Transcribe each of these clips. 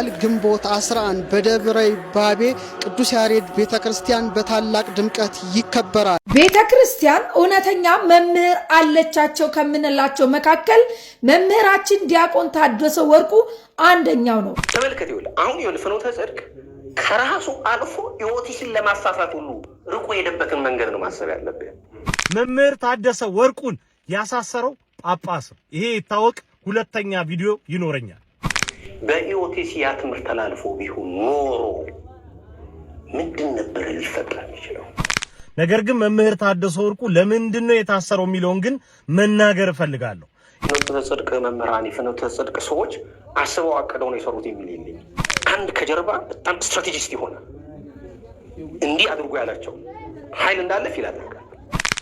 በዓል ግንቦት 11 በደብረ ባቤ ቅዱስ ያሬድ ቤተ ክርስቲያን በታላቅ ድምቀት ይከበራል። ቤተ ክርስቲያን እውነተኛ መምህር አለቻቸው ከምንላቸው መካከል መምህራችን ዲያቆን ታደሰ ወርቁ አንደኛው ነው። ተመልከት ይውል አሁን ይሁን ፍኖተ ጽድቅ ከራሱ አልፎ ህይወትሽን ለማሳሳት ሁሉ ርቆ የሄደበትን መንገድ ነው ማሰብ ያለብን። መምህር ታደሰ ወርቁን ያሳሰረው ጳጳስ ይሄ ይታወቅ። ሁለተኛ ቪዲዮ ይኖረኛል። በኢኦቲሲ ያ ትምህርት ተላልፎ ቢሆን ኖሮ ምንድን ነበረ ሊፈጠር የሚችለው? ነገር ግን መምህር ታደሰ ወርቁ ለምንድን ነው የታሰረው የሚለውን ግን መናገር እፈልጋለሁ። ፍኖተ ጽድቅ መምህራን፣ የፍኖተ ጽድቅ ሰዎች አስበው አቅደው ነው የሰሩት የሚል የለኝ። አንድ ከጀርባ በጣም ስትራቴጂስት የሆነ እንዲህ አድርጎ ያላቸው ኃይል እንዳለ ፊል አደርጋል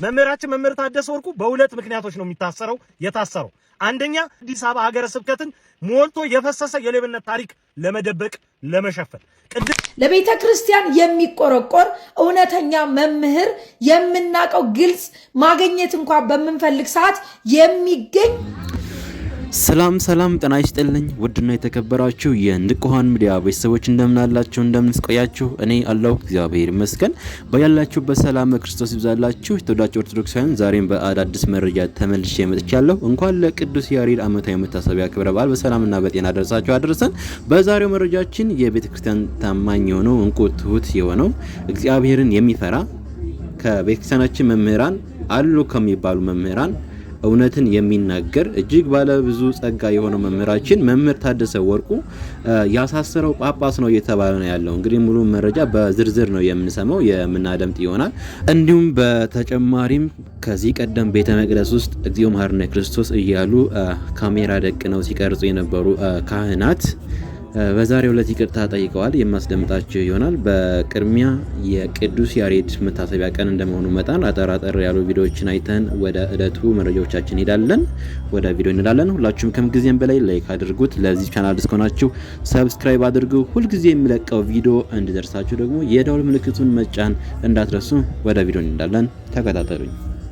መምህራችን መምህር ታደሰ ወርቁ በሁለት ምክንያቶች ነው የሚታሰረው የታሰረው። አንደኛ አዲስ አበባ ሀገረ ስብከትን ሞልቶ የፈሰሰ የሌብነት ታሪክ ለመደበቅ ለመሸፈን ለቤተ ክርስቲያን የሚቆረቆር እውነተኛ መምህር የምናውቀው ግልጽ ማግኘት እንኳን በምንፈልግ ሰዓት የሚገኝ ሰላም ሰላም፣ ጤና ይስጥልኝ ውድና የተከበራችሁ የንቁሃን ሚዲያ ቤተሰቦች እንደምናላችሁ እንደምንስቆያችሁ፣ እኔ አለሁ እግዚአብሔር ይመስገን። በያላችሁበት ሰላም ክርስቶስ ይብዛላችሁ። የተወዳችሁ ኦርቶዶክሳውያን፣ ዛሬም በአዳዲስ መረጃ ተመልሼ መጥቻለሁ። እንኳን ለቅዱስ ያሬድ ዓመታዊ መታሰቢያ ክብረ በዓል በሰላምና በጤና ደረሳችሁ አደረሰን። በዛሬው መረጃችን የቤተ ክርስቲያን ታማኝ የሆነው እንቁ ትሁት የሆነው እግዚአብሔርን የሚፈራ ከቤተክርስቲያናችን መምህራን አሉ ከሚባሉ መምህራን እውነትን የሚናገር እጅግ ባለብዙ ጸጋ የሆነው መምህራችን መምህር ታደሰ ወርቁ ያሳሰረው ጳጳስ ነው እየተባለ ነው ያለው። እንግዲህ ሙሉ መረጃ በዝርዝር ነው የምንሰማው የምናደምጥ ይሆናል። እንዲሁም በተጨማሪም ከዚህ ቀደም ቤተ መቅደስ ውስጥ እግዚኦ መሐረነ ክርስቶስ እያሉ ካሜራ ደቅ ነው ሲቀርጹ የነበሩ ካህናት በዛሬው ዕለት ይቅርታ ጠይቀዋል። የማስደምጣቸው ይሆናል። በቅድሚያ የቅዱስ ያሬድ መታሰቢያ ቀን እንደመሆኑ መጣን አጠራጠር ያሉ ቪዲዮዎችን አይተን ወደ ዕለቱ መረጃዎቻችን እንሄዳለን። ወደ ቪዲዮ እንሄዳለን። ሁላችሁም ከምጊዜም በላይ ላይክ አድርጉት። ለዚህ ቻናል አዲስ ከሆናችሁ ሰብስክራይብ አድርጉ። ሁልጊዜ የሚለቀው ቪዲዮ እንዲደርሳችሁ ደግሞ የደውል ምልክቱን መጫን እንዳትረሱ። ወደ ቪዲዮ እንሄዳለን። ተከታተሉኝ።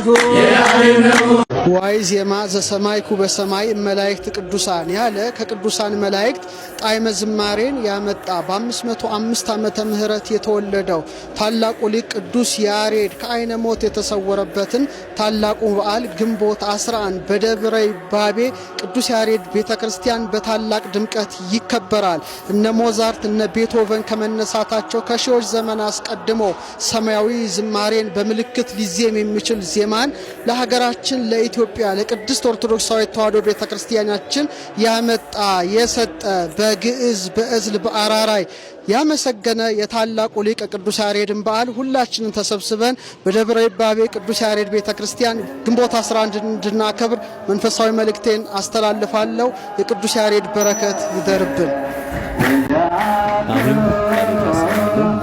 ስርዓቱ ዋይ ዜማ ዘሰማይኩ በሰማይ መላእክት ቅዱሳን ያለ ከቅዱሳን መላእክት ጣዕመ ዝማሬን ያመጣ በ505 ዓመተ ምህረት የተወለደው ታላቁ ሊቅ ቅዱስ ያሬድ ከአይነ ሞት የተሰወረበትን ታላቁ በዓል ግንቦት 11 በደብረ ባቤ ቅዱስ ያሬድ ቤተ ክርስቲያን በታላቅ ድምቀት ይከበራል። እነ ሞዛርት እነ ቤቶቨን ከመነሳታቸው ከሺዎች ዘመን አስቀድሞ ሰማያዊ ዝማሬን በምልክት ሊዜም የሚችል ዜማን ለሀገራችን ለኢትዮ ኢትዮጵያ ለቅድስት ኦርቶዶክሳዊ ተዋሕዶ ክርስቲያናችን ያመጣ የሰጠ በግዕዝ በእዝል በአራራይ ያመሰገነ የታላቁ ሊቀ ቅዱስ ያሬድን በዓል ሁላችንን ተሰብስበን በደብረ ይባቤ ቅዱስ ያሬድ ቤተ ክርስቲያን ግንቦት 11 እንድናከብር መንፈሳዊ መልእክቴን አስተላልፋለሁ። የቅዱስ ያሬድ በረከት ይደርብን።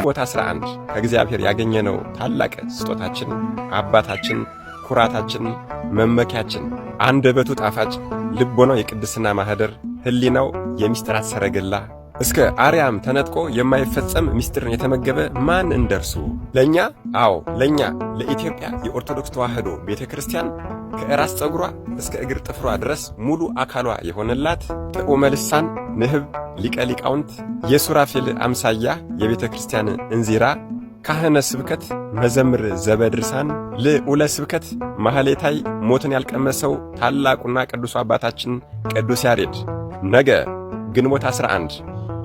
ግንቦት 11 ከእግዚአብሔር ያገኘነው ታላቅ ስጦታችን አባታችን ኩራታችን፣ መመኪያችን፣ አንደበቱ ጣፋጭ፣ ልቦናው የቅድስና ማህደር፣ ህሊናው የሚስጥራት ሰረገላ እስከ አርያም ተነጥቆ የማይፈጸም ምስጢርን የተመገበ ማን እንደርሱ? ለእኛ አዎ ለእኛ ለኢትዮጵያ የኦርቶዶክስ ተዋሕዶ ቤተ ክርስቲያን ከእራስ ፀጉሯ እስከ እግር ጥፍሯ ድረስ ሙሉ አካሏ የሆነላት ጥዑመ ልሳን ንህብ ሊቀ ሊቃውንት የሱራፌል አምሳያ የቤተ ክርስቲያን እንዚራ ካህነ ስብከት መዘምር ዘበድርሳን ልዑለ ስብከት ማህሌታይ ሞትን ያልቀመሰው ታላቁና ቅዱሱ አባታችን ቅዱስ ያሬድ ነገ ግንቦት 11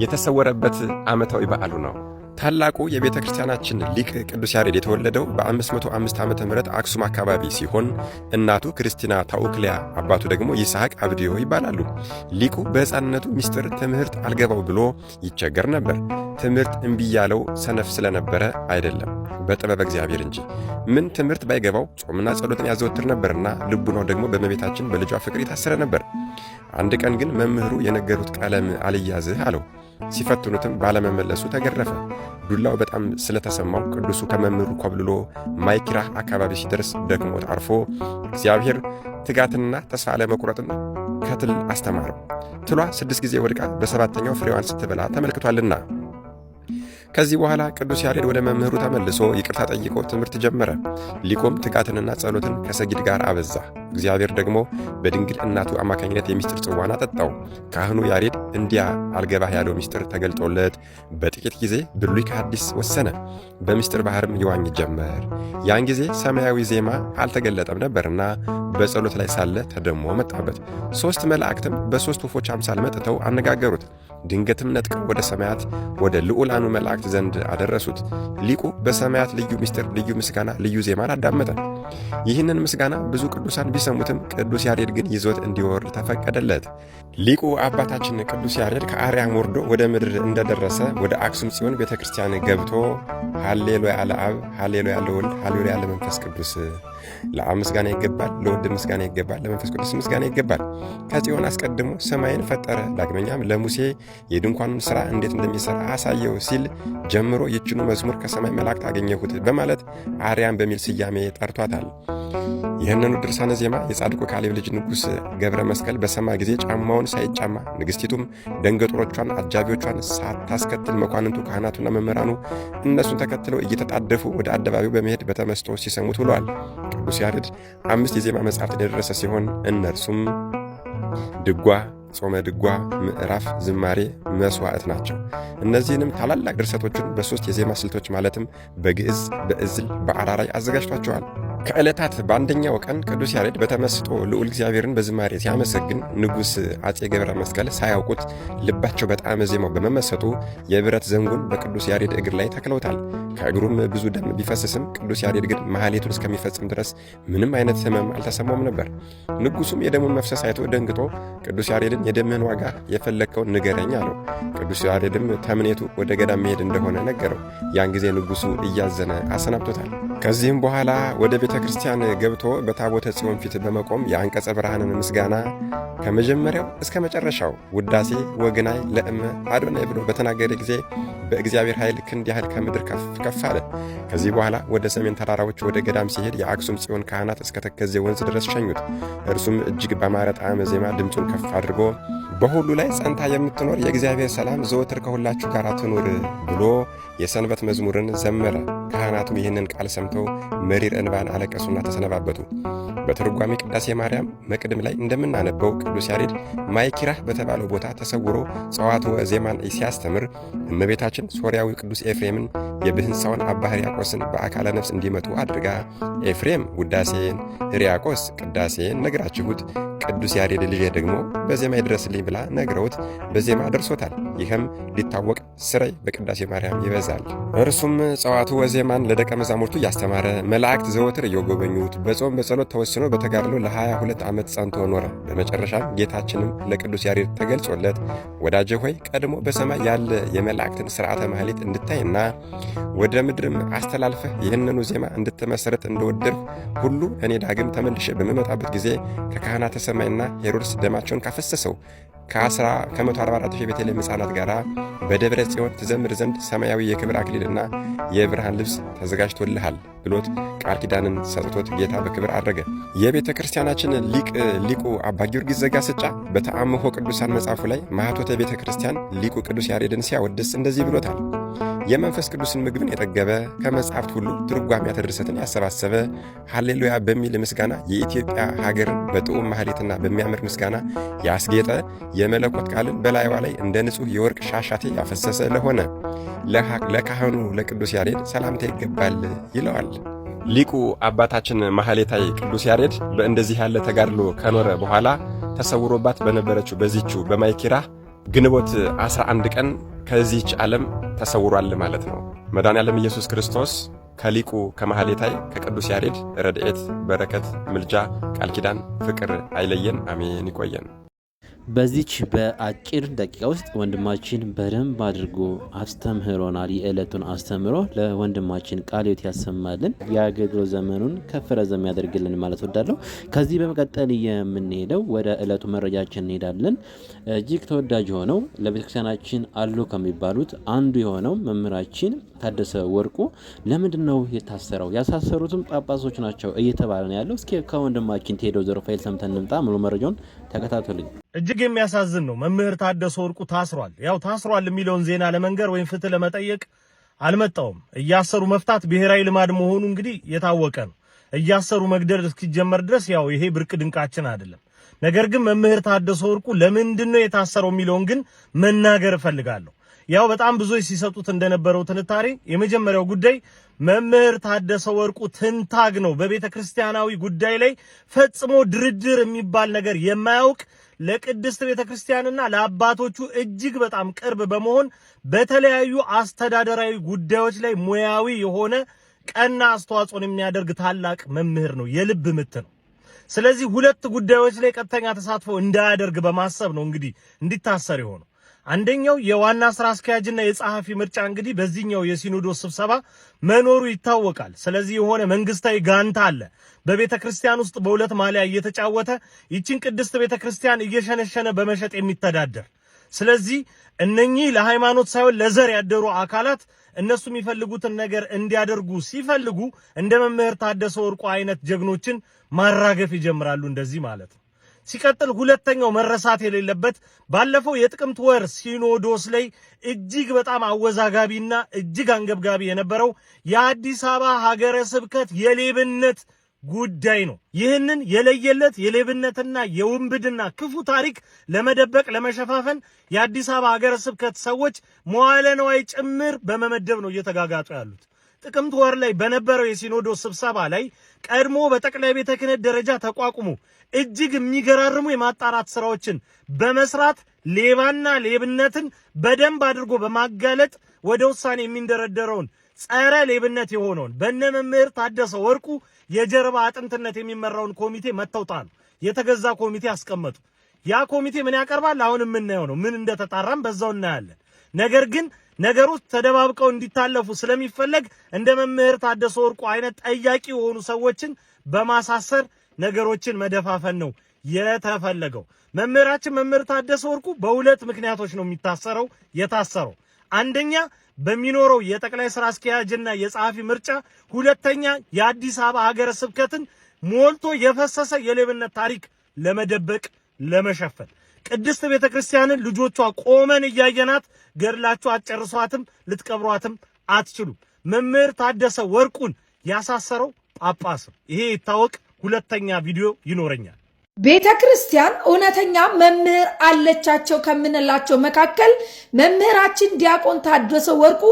የተሰወረበት ዓመታዊ በዓሉ ነው። ታላቁ የቤተ ክርስቲያናችን ሊቅ ቅዱስ ያሬድ የተወለደው በ505 ዓ ም አክሱም አካባቢ ሲሆን እናቱ ክርስቲና ታውክሊያ አባቱ ደግሞ ይስሐቅ አብድዮ ይባላሉ። ሊቁ በሕፃንነቱ ምስጢር ትምህርት አልገባው ብሎ ይቸገር ነበር። ትምህርት እምቢ ያለው ሰነፍ ስለነበረ አይደለም፣ በጥበብ እግዚአብሔር እንጂ። ምን ትምህርት ባይገባው ጾምና ጸሎትን ያዘወትር ነበርና ልቡናው ደግሞ በመቤታችን በልጇ ፍቅር የታሰረ ነበር። አንድ ቀን ግን መምህሩ የነገሩት ቀለም አልያዝህ አለው። ሲፈትኑትም ባለመመለሱ ተገረፈ። ዱላው በጣም ስለተሰማው ቅዱሱ ከመምህሩ ኮብልሎ ማይኪራህ አካባቢ ሲደርስ ደክሞት አርፎ እግዚአብሔር ትጋትንና ተስፋ መቁረጥን ከትል አስተማረው። ትሏ ስድስት ጊዜ ወድቃ በሰባተኛው ፍሬዋን ስትበላ ተመልክቷልና ከዚህ በኋላ ቅዱስ ያሬድ ወደ መምህሩ ተመልሶ ይቅርታ ጠይቆ ትምህርት ጀመረ። ሊቆም ትጋትንና ጸሎትን ከሰጊድ ጋር አበዛ። እግዚአብሔር ደግሞ በድንግል እናቱ አማካኝነት የምስጢር ጽዋን አጠጣው። ካህኑ ያሬድ እንዲያ አልገባህ ያለው ሚስጥር ተገልጦለት በጥቂት ጊዜ ብሉይ ከአዲስ ወሰነ። በምስጢር ባህርም ይዋኝ ጀመር። ያን ጊዜ ሰማያዊ ዜማ አልተገለጠም ነበርና በጸሎት ላይ ሳለ ተደሞ መጣበት። ሦስት መላእክትም በሦስት ወፎች አምሳል መጥተው አነጋገሩት። ድንገትም ነጥቀው ወደ ሰማያት ወደ ልዑላኑ መላእክት ዘንድ አደረሱት። ሊቁ በሰማያት ልዩ ምስጢር፣ ልዩ ምስጋና፣ ልዩ ዜማን አዳመጠ። ይህንን ምስጋና ብዙ ቅዱሳን ቢሰሙትም ቅዱስ ያሬድ ግን ይዞት እንዲወርድ ተፈቀደለት። ሊቁ አባታችን ቅዱስ ያሬድ ከአርያም ወርዶ ወደ ምድር እንደደረሰ ወደ አክሱም ጽዮን ቤተ ክርስቲያን ገብቶ ሃሌሉያ ለአብ፣ ሃሌሉያ ለወልድ፣ ሃሌሉያ ለመንፈስ ቅዱስ ለአብ ምስጋና ይገባል፣ ለወልድ ምስጋና ይገባል፣ ለመንፈስ ቅዱስ ምስጋና ይገባል። ከጽዮን አስቀድሞ ሰማይን ፈጠረ። ዳግመኛም ለሙሴ የድንኳኑን ሥራ እንዴት እንደሚሠራ አሳየው ሲል ጀምሮ ይችኑ መዝሙር ከሰማይ መላእክት አገኘሁት በማለት አርያም በሚል ስያሜ ጠርቷታል። ይህንኑ ድርሳነ ዜማ የጻድቁ ካሌብ ልጅ ንጉሥ ገብረ መስቀል በሰማ ጊዜ ጫማውን ሳይጫማ ንግሥቲቱም ደንገጥሮቿን አጃቢዎቿን ሳታስከትል መኳንንቱ፣ ካህናቱና መምህራኑ እነሱን ተከትለው እየተጣደፉ ወደ አደባባዩ በመሄድ በተመስጦ ሲሰሙት ውለዋል። ቅዱስ ያሬድ አምስት የዜማ መጻሕፍት የደረሰ ሲሆን እነርሱም ድጓ፣ ጾመ ድጓ፣ ምዕራፍ፣ ዝማሬ፣ መስዋዕት ናቸው። እነዚህንም ታላላቅ ድርሰቶቹን በሦስት የዜማ ስልቶች ማለትም በግዕዝ፣ በእዝል፣ በአራራይ አዘጋጅቷቸዋል። ከዕለታት በአንደኛው ቀን ቅዱስ ያሬድ በተመስጦ ልዑል እግዚአብሔርን በዝማሬ ሲያመሰግን ንጉሥ አጼ ገብረ መስቀል ሳያውቁት ልባቸው በጣም ዜማው በመመሰጡ የብረት ዘንጉን በቅዱስ ያሬድ እግር ላይ ተክለውታል። ከእግሩም ብዙ ደም ቢፈስስም ቅዱስ ያሬድ ግን መሐሌቱን እስከሚፈጽም ድረስ ምንም አይነት ህመም አልተሰማውም ነበር። ንጉሱም የደሙን መፍሰስ አይቶ ደንግጦ ቅዱስ ያሬድን የደምህን ዋጋ የፈለግከውን ንገረኝ አለው። ቅዱስ ያሬድም ተምኔቱ ወደ ገዳም መሄድ እንደሆነ ነገረው። ያን ጊዜ ንጉሱ እያዘነ አሰናብቶታል። ከዚህም በኋላ ወደ ቤተ ቤተ ክርስቲያን ገብቶ በታቦተ ጽዮን ፊት በመቆም የአንቀጸ ብርሃንን ምስጋና ከመጀመሪያው እስከ መጨረሻው ውዳሴ ወግናይ ለእመ አዶናይ ብሎ በተናገረ ጊዜ በእግዚአብሔር ኃይል ክንድ ያህል ከምድር ከፍ አለ። ከዚህ በኋላ ወደ ሰሜን ተራራዎች ወደ ገዳም ሲሄድ የአክሱም ጽዮን ካህናት እስከ ተከዜ ወንዝ ድረስ ሸኙት። እርሱም እጅግ በማረ ጣዕመ ዜማ ድምፁን ከፍ አድርጎ በሁሉ ላይ ጸንታ የምትኖር የእግዚአብሔር ሰላም ዘወትር ከሁላችሁ ጋር ትኑር ብሎ የሰንበት መዝሙርን ዘመረ። ካህናቱም ይህንን ቃል ሰምተው መሪር እንባን አለቀሱና ተሰነባበቱ። በትርጓሜ ቅዳሴ ማርያም መቅድም ላይ እንደምናነበው ቅዱስ ያሬድ ማይኪራህ በተባለው ቦታ ተሰውሮ ጸዋትወ ዜማን ሲያስተምር እመቤታችን ሶርያዊ ቅዱስ ኤፍሬምን የብህንሳውን አባ ሕርያቆስን በአካለ ነፍስ እንዲመጡ አድርጋ ኤፍሬም ውዳሴን ሕርያቆስ ቅዳሴን ነግራችሁት ቅዱስ ያሬድ ልጄ ደግሞ በዜማ ይድረስልኝ ብላ ነግረውት በዜማ ደርሶታል። ይህም ሊታወቅ ስረይ በቅዳሴ ማርያም ይበዛል። እርሱም ጸዋቱ ወዜማ ከተማን ለደቀ መዛሙርቱ እያስተማረ መላእክት ዘወትር እየጎበኙት በጾም በጸሎት ተወስኖ በተጋድሎ ለ22 ዓመት ጸንቶ ኖረ። በመጨረሻም ጌታችንም ለቅዱስ ያሬድ ተገልጾለት ወዳጄ ሆይ ቀድሞ በሰማይ ያለ የመላእክትን ሥርዓተ ማህሌት እንድታይና ወደ ምድርም አስተላልፈህ ይህንኑ ዜማ እንድትመሰረት እንደወደድሁ ሁሉ እኔ ዳግም ተመልሼ በምመጣበት ጊዜ ከካህናተ ሰማይና ሄሮድስ ደማቸውን ካፈሰሰው አርባ አራት ሺህ የቤተልሔም ሕፃናት ጋር በደብረ ጽዮን ትዘምር ዘንድ ሰማያዊ የክብር አክሊልና የብርሃን ልብስ ተዘጋጅቶልሃል ብሎት ቃል ኪዳንን ሰጥቶት ጌታ በክብር አድረገ። የቤተ ክርስቲያናችን ሊቅ ሊቁ አባ ጊዮርጊስ ዘጋስጫ በተአምሆ ቅዱሳን መጽሐፉ ላይ ማኅቶተ ቤተ ክርስቲያን ሊቁ ቅዱስ ያሬድን ሲያወድስ እንደዚህ ብሎታል። የመንፈስ ቅዱስን ምግብን የጠገበ ከመጽሐፍት ሁሉ ትርጓሜ ድርሰትን ያሰባሰበ ሃሌሉያ በሚል ምስጋና የኢትዮጵያ ሀገርን በጥዑም ማህሌትና በሚያምር ምስጋና ያስጌጠ የመለኮት ቃልን በላይዋ ላይ እንደ ንጹሕ የወርቅ ሻሻቴ ያፈሰሰ ለሆነ ለካህኑ ለቅዱስ ያሬድ ሰላምታ ይገባል ይለዋል። ሊቁ አባታችን ማኅሌታይ ቅዱስ ያሬድ በእንደዚህ ያለ ተጋድሎ ከኖረ በኋላ ተሰውሮባት በነበረችው በዚቹ በማይኪራ ግንቦት 11 ቀን ከዚህች ዓለም ተሰውሯል ማለት ነው። መዳን ያለም ኢየሱስ ክርስቶስ ከሊቁ ከመሐሌታይ ከቅዱስ ያሬድ ረድኤት፣ በረከት፣ ምልጃ፣ ቃል ኪዳን፣ ፍቅር አይለየን። አሜን። ይቆየን። በዚች በአጭር ደቂቃ ውስጥ ወንድማችን በደንብ አድርጎ አስተምህሮናል። የዕለቱን አስተምሮ ለወንድማችን ቃልዮት ያሰማልን፣ የአገልግሎት ዘመኑን ከፍ ረዘም ያደርግልን ማለት ወዳለሁ። ከዚህ በመቀጠል የምንሄደው ወደ ዕለቱ መረጃችን እንሄዳለን። እጅግ ተወዳጅ የሆነው ለቤተክርስቲያናችን አሉ ከሚባሉት አንዱ የሆነው መምህራችን ታደሰ ወርቁ ለምንድን ነው የታሰረው? ያሳሰሩትም ጳጳሶች ናቸው እየተባለ ነው ያለው። እስኪ ከወንድማችን ቴዎድሮስ ዘሩፋኤል ሰምተን እንምጣ ሙሉ መረጃውን ተከታተሉኝ። እጅግ የሚያሳዝን ነው። መምህር ታደሰ ወርቁ ታስሯል። ያው ታስሯል የሚለውን ዜና ለመንገር ወይም ፍትህ ለመጠየቅ አልመጣውም። እያሰሩ መፍታት ብሔራዊ ልማድ መሆኑ እንግዲህ የታወቀ ነው። እያሰሩ መግደል እስኪጀመር ድረስ ያው ይሄ ብርቅ ድንቃችን አይደለም። ነገር ግን መምህር ታደሰ ወርቁ ለምንድን ነው የታሰረው የሚለውን ግን መናገር እፈልጋለሁ። ያው በጣም ብዙዎች ሲሰጡት እንደነበረው ትንታሬ የመጀመሪያው ጉዳይ መምህር ታደሰ ወርቁ ትንታግ ነው። በቤተ ክርስቲያናዊ ጉዳይ ላይ ፈጽሞ ድርድር የሚባል ነገር የማያውቅ ለቅድስት ቤተ ክርስቲያንና ለአባቶቹ እጅግ በጣም ቅርብ በመሆን በተለያዩ አስተዳደራዊ ጉዳዮች ላይ ሙያዊ የሆነ ቀና አስተዋጽኦን የሚያደርግ ታላቅ መምህር ነው። የልብ ምት ነው። ስለዚህ ሁለት ጉዳዮች ላይ ቀጥተኛ ተሳትፎ እንዳያደርግ በማሰብ ነው እንግዲህ እንዲታሰር የሆነው። አንደኛው የዋና ስራ አስኪያጅና የጸሐፊ ምርጫ እንግዲህ በዚህኛው የሲኖዶስ ስብሰባ መኖሩ ይታወቃል። ስለዚህ የሆነ መንግስታዊ ጋንታ አለ። በቤተ ክርስቲያን ውስጥ በሁለት ማሊያ እየተጫወተ ይችን ቅድስት ቤተ ክርስቲያን እየሸነሸነ በመሸጥ የሚተዳደር ስለዚህ እነኚህ ለሃይማኖት ሳይሆን ለዘር ያደሩ አካላት እነሱ የሚፈልጉትን ነገር እንዲያደርጉ ሲፈልጉ እንደ መምህር ታደሰ ወርቁ አይነት ጀግኖችን ማራገፍ ይጀምራሉ። እንደዚህ ማለት ነው። ሲቀጥል ሁለተኛው መረሳት የሌለበት ባለፈው የጥቅምት ወር ሲኖዶስ ላይ እጅግ በጣም አወዛጋቢና እጅግ አንገብጋቢ የነበረው የአዲስ አበባ ሀገረ ስብከት የሌብነት ጉዳይ ነው። ይህንን የለየለት የሌብነትና የውንብድና ክፉ ታሪክ ለመደበቅ ለመሸፋፈን የአዲስ አበባ ሀገረ ስብከት ሰዎች መዋለ ነዋይ ጭምር በመመደብ ነው እየተጋጋጡ ያሉት። ጥቅምት ወር ላይ በነበረው የሲኖዶስ ስብሰባ ላይ ቀድሞ በጠቅላይ ቤተ ክህነት ደረጃ ተቋቁሞ እጅግ የሚገራርሙ የማጣራት ስራዎችን በመስራት ሌባና ሌብነትን በደንብ አድርጎ በማጋለጥ ወደ ውሳኔ የሚንደረደረውን ጸረ ሌብነት የሆነውን በነ መምህር ታደሰ ወርቁ የጀርባ አጥንትነት የሚመራውን ኮሚቴ መተውጣሉ የተገዛ ኮሚቴ አስቀመጡ። ያ ኮሚቴ ምን ያቀርባል? አሁን የምናየው ነው። ምን እንደተጣራም በዛው እናያለን። ነገር ግን ነገር ውስጥ ተደባብቀው እንዲታለፉ ስለሚፈለግ እንደ መምህር ታደሰ ወርቁ አይነት ጠያቂ የሆኑ ሰዎችን በማሳሰር ነገሮችን መደፋፈን ነው የተፈለገው። መምህራችን መምህር ታደሰ ወርቁ በሁለት ምክንያቶች ነው የሚታሰረው የታሰረው አንደኛ በሚኖረው የጠቅላይ ስራ አስኪያጅና የጸሐፊ ምርጫ፣ ሁለተኛ የአዲስ አበባ ሀገረ ስብከትን ሞልቶ የፈሰሰ የሌብነት ታሪክ ለመደበቅ ለመሸፈን ቅድስት ቤተ ክርስቲያንን ልጆቿ ቆመን እያየናት ገድላችሁ አትጨርሷትም፣ ልትቀብሯትም አትችሉም። መምህር ታደሰ ወርቁን ያሳሰረው ጳጳስ ነው። ይሄ ይታወቅ። ሁለተኛ ቪዲዮ ይኖረኛል። ቤተ ክርስቲያን እውነተኛ መምህር አለቻቸው ከምንላቸው መካከል መምህራችን ዲያቆን ታደሰ ወርቁ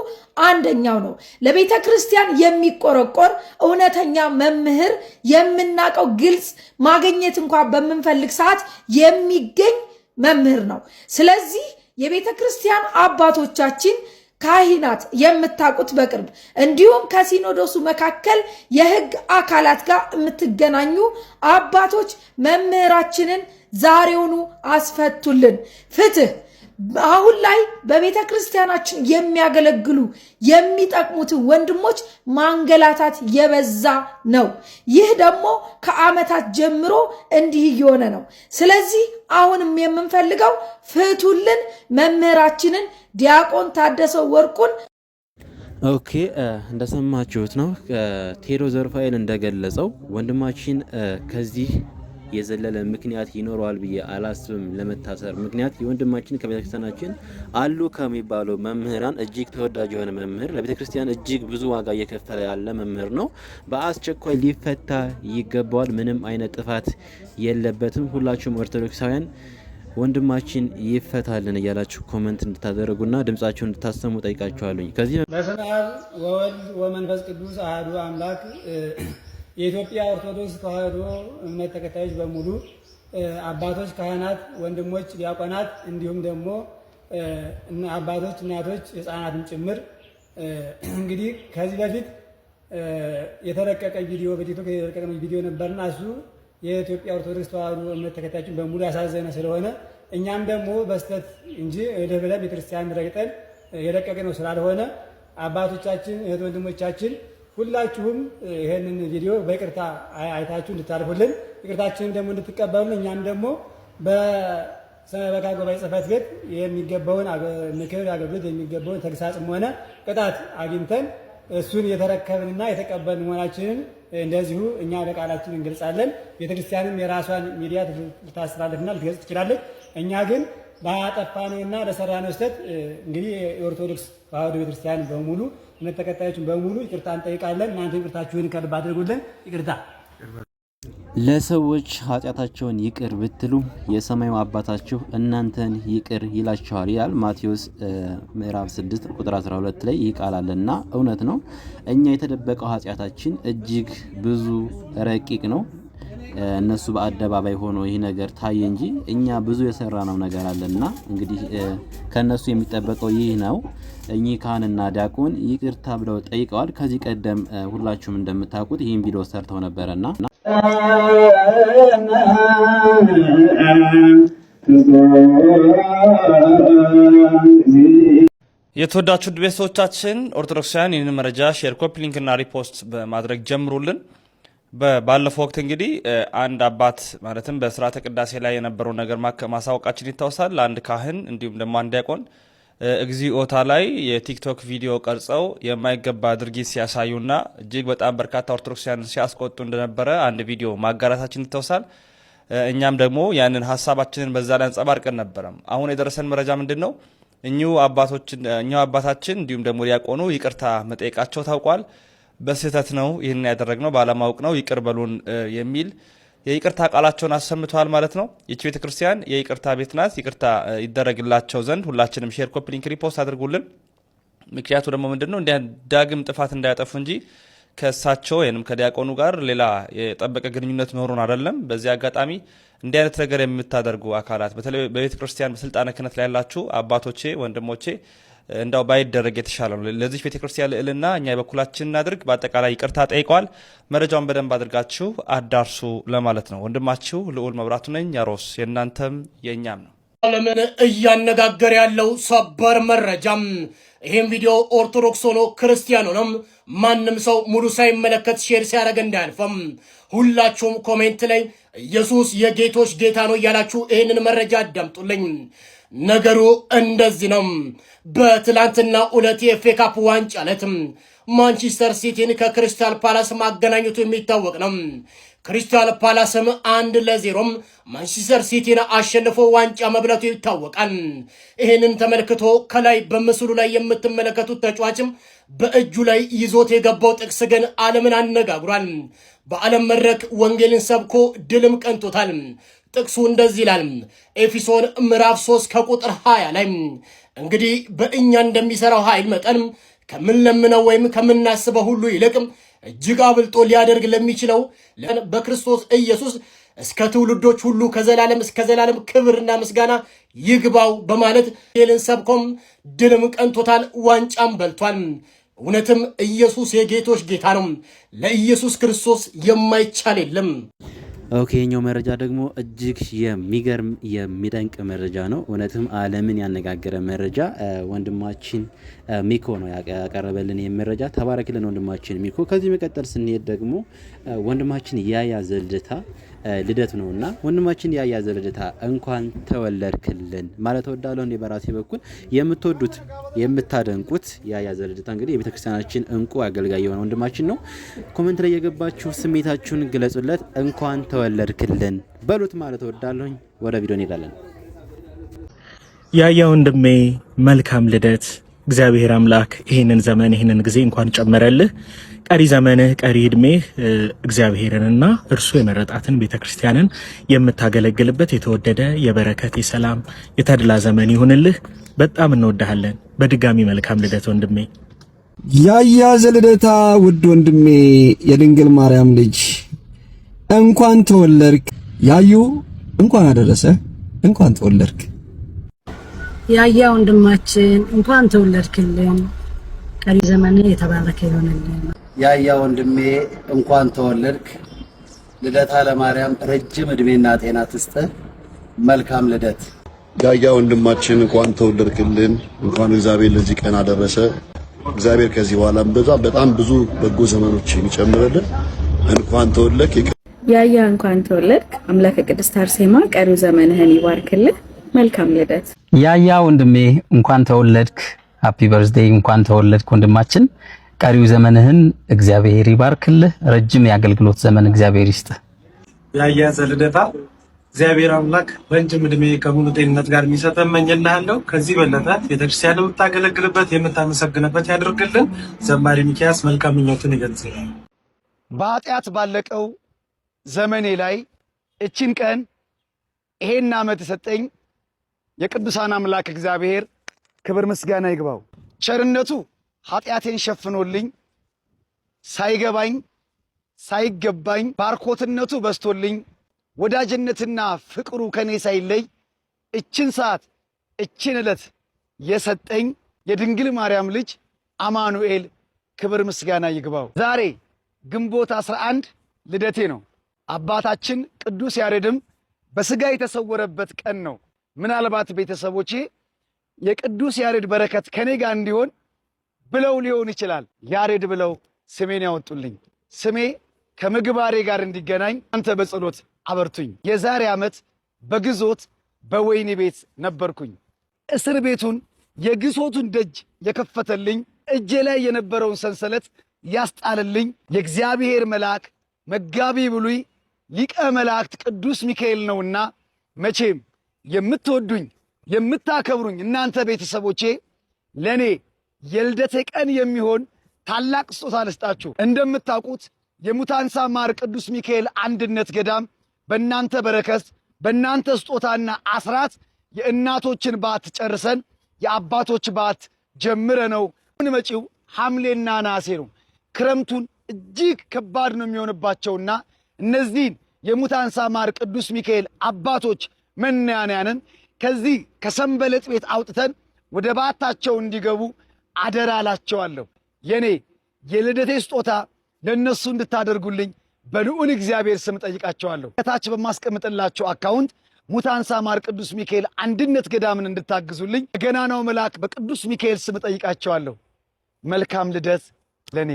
አንደኛው ነው። ለቤተ ክርስቲያን የሚቆረቆር እውነተኛ መምህር የምናውቀው ግልጽ ማግኘት እንኳን በምንፈልግ ሰዓት የሚገኝ መምህር ነው። ስለዚህ የቤተ ክርስቲያን አባቶቻችን ካህናት የምታውቁት በቅርብ እንዲሁም ከሲኖዶሱ መካከል የሕግ አካላት ጋር የምትገናኙ አባቶች መምህራችንን ዛሬውኑ አስፈቱልን። ፍትህ አሁን ላይ በቤተ ክርስቲያናችን የሚያገለግሉ የሚጠቅሙትን ወንድሞች ማንገላታት የበዛ ነው። ይህ ደግሞ ከዓመታት ጀምሮ እንዲህ እየሆነ ነው። ስለዚህ አሁንም የምንፈልገው ፍቱልን፣ መምህራችንን ዲያቆን ታደሰው ወርቁን። ኦኬ እንደሰማችሁት ነው ቴዶ ዘርፋኤል እንደገለጸው ወንድማችን ከዚህ የዘለለ ምክንያት ይኖረዋል ብዬ አላስብም። ለመታሰር ምክንያት የወንድማችን ከቤተክርስቲያናችን አሉ ከሚባሉ መምህራን እጅግ ተወዳጅ የሆነ መምህር ለቤተክርስቲያን እጅግ ብዙ ዋጋ እየከፈለ ያለ መምህር ነው። በአስቸኳይ ሊፈታ ይገባዋል። ምንም አይነት ጥፋት የለበትም። ሁላችሁም ኦርቶዶክሳውያን ወንድማችን ይፈታልን እያላችሁ ኮመንት እንድታደረጉና ድምጻችሁን እንድታሰሙ ጠይቃችኋለኝ። ከዚህ በስመ አብ ወወልድ ወመንፈስ ቅዱስ አህዱ አምላክ የኢትዮጵያ ኦርቶዶክስ ተዋህዶ እምነት ተከታዮች በሙሉ አባቶች፣ ካህናት፣ ወንድሞች፣ ዲያቆናት እንዲሁም ደግሞ አባቶች፣ እናቶች፣ ሕፃናትን ጭምር እንግዲህ ከዚህ በፊት የተለቀቀ ቪዲዮ በቲክቶክ የተለቀቀ ቪዲዮ ነበርና እሱ የኢትዮጵያ ኦርቶዶክስ ተዋህዶ እምነት ተከታዮችን በሙሉ ያሳዘነ ስለሆነ እኛም ደግሞ በስተት እንጂ ደብለ ቤተክርስቲያን ረግጠን የለቀቅ ነው ስላልሆነ አባቶቻችን እህት ወንድሞቻችን ሁላችሁም ይህንን ቪዲዮ በይቅርታ አይታችሁ እንድታልፉልን ይቅርታችንም ደግሞ እንድትቀበሉን እኛም ደግሞ በሰበካ ጉባኤ ጽሕፈት ቤት የሚገባውን ምክር አገልግሎት የሚገባውን ተግሳጽም ሆነ ቅጣት አግኝተን እሱን የተረከብንና የተቀበልን መሆናችንን እንደዚሁ እኛ በቃላችን እንገልጻለን። ቤተክርስቲያንም የራሷን ሚዲያ ልታስተላልፍና ልትገልጽ ትችላለች። እኛ ግን ባጠፋነውና ለሰራነው ስህተት እንግዲህ የኦርቶዶክስ ተዋሕዶ ቤተክርስቲያን በሙሉ እምነት ተከታዮችን በሙሉ ይቅርታ እንጠይቃለን። እናንተ ይቅርታችሁን ከልብ አድርጉልን። ይቅርታ ለሰዎች ኃጢአታቸውን ይቅር ብትሉ የሰማዩ አባታችሁ እናንተን ይቅር ይላችኋል ይላል ማቴዎስ ምዕራፍ 6 ቁጥር 12 ላይ ይህ ቃል አለና እውነት ነው። እኛ የተደበቀው ኃጢአታችን እጅግ ብዙ ረቂቅ ነው። እነሱ በአደባባይ ሆኖ ይህ ነገር ታየ እንጂ እኛ ብዙ የሰራ ነው ነገር አለና እንግዲህ ከነሱ የሚጠበቀው ይህ ነው። እኚህ ካህንና ዲያቆን ይቅርታ ብለው ጠይቀዋል። ከዚህ ቀደም ሁላችሁም እንደምታውቁት ይህን ቪዲዮ ሰርተው ነበረና የተወዳችሁ ቤተሰቦቻችን ኦርቶዶክሳውያን ይህንን መረጃ ሼር፣ ኮፒ ሊንክና ሪፖስት በማድረግ ጀምሩልን። ባለፈው ወቅት እንግዲህ አንድ አባት ማለትም በስርዓተ ቅዳሴ ላይ የነበረው ነገር ማሳወቃችን ይታወሳል። አንድ ካህን እንዲሁም ደግሞ አንድ ዲያቆን እግዚኦታ ላይ የቲክቶክ ቪዲዮ ቀርጸው የማይገባ ድርጊት ሲያሳዩና እጅግ በጣም በርካታ ኦርቶዶክሳውያን ሲያስቆጡ እንደነበረ አንድ ቪዲዮ ማጋራታችን ይታወሳል። እኛም ደግሞ ያንን ሀሳባችንን በዛ ላይ አንጸባርቀን ነበረም። አሁን የደረሰን መረጃ ምንድን ነው? እኚሁ አባታችን እንዲሁም ደግሞ ዲያቆኑ ይቅርታ መጠየቃቸው ታውቋል። በስህተት ነው ይህን ያደረግነው ባለማወቅ ነው ይቅር በሉን የሚል የይቅርታ ቃላቸውን አሰምተዋል ማለት ነው። ይቺ ቤተ ክርስቲያን የይቅርታ ቤት ናት። ይቅርታ ይደረግላቸው ዘንድ ሁላችንም ሼር፣ ኮፒ ሊንክ፣ ሪፖስት አድርጉልን። ምክንያቱ ደግሞ ምንድን ነው? ዳግም ጥፋት እንዳያጠፉ እንጂ ከእሳቸው ወይም ከዲያቆኑ ጋር ሌላ የጠበቀ ግንኙነት መኖሩን አይደለም። በዚህ አጋጣሚ እንዲህ አይነት ነገር የምታደርጉ አካላት በተለይ በቤተ ክርስቲያን በስልጣነ ክህነት ላይ ያላችሁ አባቶቼ፣ ወንድሞቼ እንዳው ባይደረግ የተሻለ ነው። ለዚህ ቤተክርስቲያን ልዕልና እኛ የበኩላችን እናድርግ። በአጠቃላይ ይቅርታ ጠይቀዋል። መረጃውን በደንብ አድርጋችሁ አዳርሱ ለማለት ነው። ወንድማችሁ ልዑል መብራቱ ነኝ። ያሮስ የእናንተም የእኛም ነው። ዓለምን እያነጋገረ ያለው ሰበር መረጃም ይህም ቪዲዮ ኦርቶዶክስ ሆኖ ክርስቲያን ሆኖም ማንም ሰው ሙሉ ሳይመለከት ሼር ሲያደርግ እንዳያልፈም ሁላችሁም ኮሜንት ላይ ኢየሱስ የጌቶች ጌታ ነው እያላችሁ ይህንን መረጃ አዳምጡልኝ። ነገሩ እንደዚህ ነው። በትላንትና ዕለት የኤፍኤ ካፕ ዋንጫ ዕለት ማንቸስተር ሲቲን ከክሪስታል ፓላስ ማገናኘቱ የሚታወቅ ነው። ክሪስታል ፓላስም አንድ ለዜሮም ማንቸስተር ሲቲን አሸንፎ ዋንጫ መብለቱ ይታወቃል። ይህንን ተመልክቶ ከላይ በምስሉ ላይ የምትመለከቱት ተጫዋችም በእጁ ላይ ይዞት የገባው ጥቅስ ግን ዓለምን አነጋግሯል። በዓለም መድረክ ወንጌልን ሰብኮ ድልም ቀንቶታል። ጥቅሱ እንደዚህ ይላል። ኤፌሶን ምዕራፍ 3 ከቁጥር 20 ላይ እንግዲህ በእኛ እንደሚሰራው ኃይል መጠን ከምንለምነው ወይም ከምናስበው ሁሉ ይልቅም እጅግ አብልጦ ሊያደርግ ለሚችለው በክርስቶስ ኢየሱስ እስከ ትውልዶች ሁሉ ከዘላለም እስከ ዘላለም ክብርና ምስጋና ይግባው በማለት ሄልን ሰብኮም ድልም ቀንቶታል፣ ዋንጫም በልቷል። እውነትም ኢየሱስ የጌቶች ጌታ ነው። ለኢየሱስ ክርስቶስ የማይቻል የለም። ኦኬ የኛው መረጃ ደግሞ እጅግ የሚገርም የሚደንቅ መረጃ ነው። እውነትም ዓለምን ያነጋገረ መረጃ ወንድማችን ሚኮ ነው ያቀረበልን። ይህ መረጃ ተባረክልን ወንድማችን ሚኮ። ከዚህ መቀጠል ስንሄድ ደግሞ ወንድማችን ያያ ዘልደታ ልደቱ ነው እና ወንድማችን ያያዘ ልደታ እንኳን ተወለድክልን ማለት ወዳለሁ። እኔ በራሴ በኩል የምትወዱት የምታደንቁት ያያዘ ልደታ እንግዲህ የቤተክርስቲያናችን እንቁ አገልጋይ የሆነ ወንድማችን ነው። ኮመንት ላይ የገባችሁ ስሜታችሁን ግለጹለት። እንኳን ተወለድክልን በሉት ማለት ወዳለሁኝ። ወደ ቪዲዮ እንሄዳለን። ያያ ወንድሜ መልካም ልደት። እግዚአብሔር አምላክ ይህንን ዘመን ይህንን ጊዜ እንኳን ጨመረልህ። ቀሪ ዘመንህ ቀሪ እድሜህ እግዚአብሔርንና እርሱ የመረጣትን ቤተክርስቲያንን የምታገለግልበት የተወደደ የበረከት የሰላም የተድላ ዘመን ይሁንልህ። በጣም እንወዳሃለን። በድጋሚ መልካም ልደት ወንድሜ። ያያዘ ልደታ ውድ ወንድሜ የድንግል ማርያም ልጅ እንኳን ተወለድክ። ያዩ እንኳን አደረሰ፣ እንኳን ተወለድክ። ያያ ወንድማችን እንኳን ተወለድክልን። ቀሪ ዘመን የተባረከ ይሆንልን። ያያ ወንድሜ እንኳን ተወለድክ። ልደታ ለማርያም ረጅም እድሜና ጤና ትስጥህ። መልካም ልደት ያያ ወንድማችን፣ እንኳን ተወለድክልን። እንኳን እግዚአብሔር ለዚህ ቀን አደረሰ። እግዚአብሔር ከዚህ በኋላ በጣም ብዙ በጎ ዘመኖች ይጨምርልን። እንኳን ተወለድክ ያያ፣ እንኳን ተወለድክ። አምላከ ቅድስት አርሴማ ቀሪው ዘመንህን ይባርክልህ። መልካም ልደት ያያ ወንድሜ፣ እንኳን ተወለድክ። ሃፒ በርዝዴይ! እንኳን ተወለድክ ወንድማችን ቀሪው ዘመንህን እግዚአብሔር ይባርክልህ። ረጅም የአገልግሎት ዘመን እግዚአብሔር ይስጥ። ያያዘ ልደታ እግዚአብሔር አምላክ ረጅም እድሜ ከሙሉ ጤንነት ጋር የሚሰጠ ከዚህ በለጠ ቤተክርስቲያን የምታገለግልበት የምታመሰግንበት ያድርግልን። ዘማሪ ሚኪያስ መልካም ምኞትን ይገልጻል። በኃጢአት ባለቀው ዘመኔ ላይ እችን ቀን ይሄን ዓመት የሰጠኝ የቅዱሳን አምላክ እግዚአብሔር ክብር ምስጋና ይግባው ቸርነቱ ኃጢአቴን ሸፍኖልኝ ሳይገባኝ ሳይገባኝ ባርኮትነቱ በስቶልኝ ወዳጅነትና ፍቅሩ ከኔ ሳይለይ እችን ሰዓት እችን ዕለት የሰጠኝ የድንግል ማርያም ልጅ አማኑኤል ክብር ምስጋና ይግባው። ዛሬ ግንቦት 11 ልደቴ ነው። አባታችን ቅዱስ ያሬድም በስጋ የተሰወረበት ቀን ነው። ምናልባት ቤተሰቦቼ የቅዱስ ያሬድ በረከት ከኔ ጋር እንዲሆን ብለው ሊሆን ይችላል ያሬድ ብለው ስሜን ያወጡልኝ። ስሜ ከምግባሬ ጋር እንዲገናኝ አንተ በጸሎት አበርቱኝ። የዛሬ ዓመት በግዞት በወይኒ ቤት ነበርኩኝ። እስር ቤቱን የግዞቱን ደጅ የከፈተልኝ እጄ ላይ የነበረውን ሰንሰለት ያስጣልልኝ የእግዚአብሔር መልአክ መጋቢ ብሉይ ሊቀ መላእክት ቅዱስ ሚካኤል ነውና መቼም የምትወዱኝ የምታከብሩኝ እናንተ ቤተሰቦቼ ለእኔ የልደቴ ቀን የሚሆን ታላቅ ስጦታ ልስጣችሁ። እንደምታውቁት የሙታንሳ ማር ቅዱስ ሚካኤል አንድነት ገዳም በእናንተ በረከት በእናንተ ስጦታና አስራት የእናቶችን በዓት ጨርሰን የአባቶች በዓት ጀምረ ነው መጪው ሐምሌና ነሐሴ ነው። ክረምቱን እጅግ ከባድ ነው የሚሆንባቸውና እነዚህን የሙታንሳ ማር ቅዱስ ሚካኤል አባቶች መናያንያንን ከዚህ ከሰንበለጥ ቤት አውጥተን ወደ በዓታቸው እንዲገቡ አደራ አላቸዋለሁ። የኔ የልደቴ ስጦታ ለእነሱ እንድታደርጉልኝ በልዑል እግዚአብሔር ስም ጠይቃቸዋለሁ። ከታች በማስቀምጥላቸው አካውንት ሙታንሳ ማር ቅዱስ ሚካኤል አንድነት ገዳምን እንድታግዙልኝ ገናናው መልአክ በቅዱስ ሚካኤል ስም ጠይቃቸዋለሁ። መልካም ልደት ለእኔ